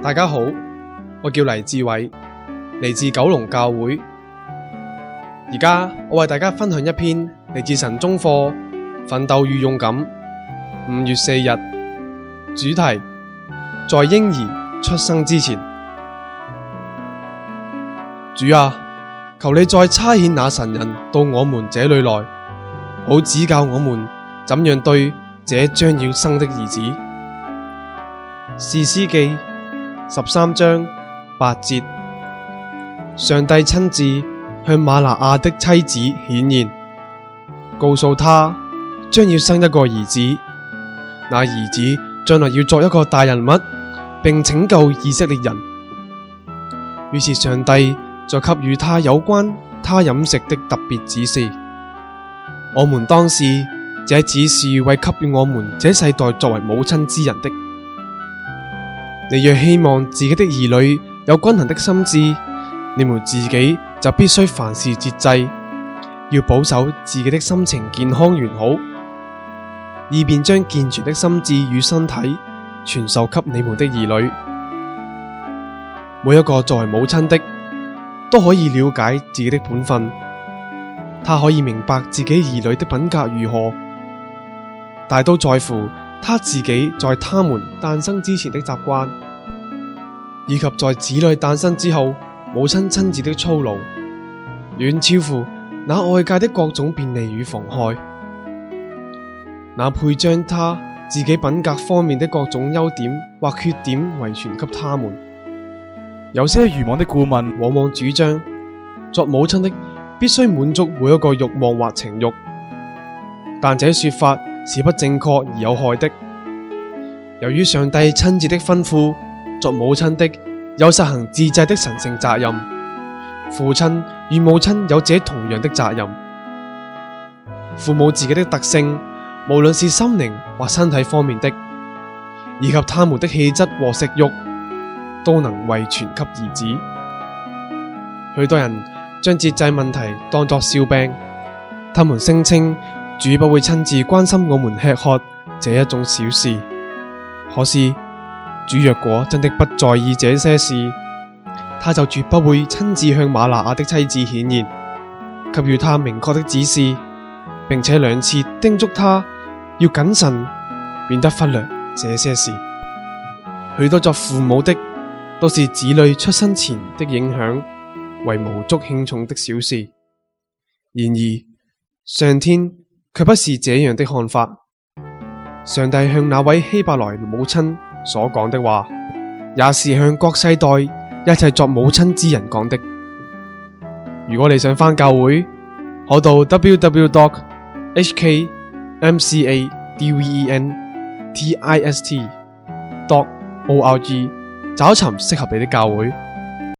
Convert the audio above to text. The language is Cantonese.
大家好，我叫黎志偉，嚟自九龍教會。而家我為大家分享一篇嚟自神中課《奮鬥與勇敢》，五月四日，主題在嬰兒出生之前。主啊，求你再差遣那神人到我們這裏來，好指教我們怎樣對這將要生的兒子。士師記。十三章八節，上帝親自向瑪挪亞的妻子顯現，告訴他將要生一個兒子，那兒子將來要做一個大人物，並拯救以色列人。於是上帝就給予他有關他飲食的特別指示。我們當時這只是為給予我們這世代作為母親之人的。你若希望自己的兒女有均衡的心智，你們自己就必須凡事節制，要保守自己的心情健康完好，以便將健全的心智與身體傳授給你們的兒女。每一個作為母親的都可以了解自己的本分，她可以明白自己兒女的品格如何，大都在乎。他自己在他們誕生之前的習慣，以及在子女誕生之後，母親親自的操勞，遠超乎那外界的各種便利與妨害。那配將他自己品格方面的各種優點或缺點遺傳給他們。有些愚妄的顧問往往主張，作母親的必須滿足每一個欲望或情欲，但這說法。是不正確而有害的。由於上帝親自的吩咐，作母親的有實行節制的神聖責任。父親與母親有這同樣的責任。父母自己的特性，無論是心靈或身體方面的，以及他們的氣質和食欲，都能遺傳給兒子。許多人將節制問題當作笑柄，他們聲稱。主不會親自關心我們吃喝這一種小事。可是主若果真的不在意這些事，他就絕不會親自向馬拿亞的妻子顯現，給予他明確的指示，並且兩次叮囑他要謹慎，免得忽略這些事。許多作父母的，都是子女出生前的影響為無足輕重的小事。然而上天。卻不是這樣的看法。上帝向那位希伯來母親所講的話，也是向各世代一切作母親之人講的。如果你想返教會，可到 w w w dot h k m c a d v e n t i s t dot o r g 找尋適合你的教會。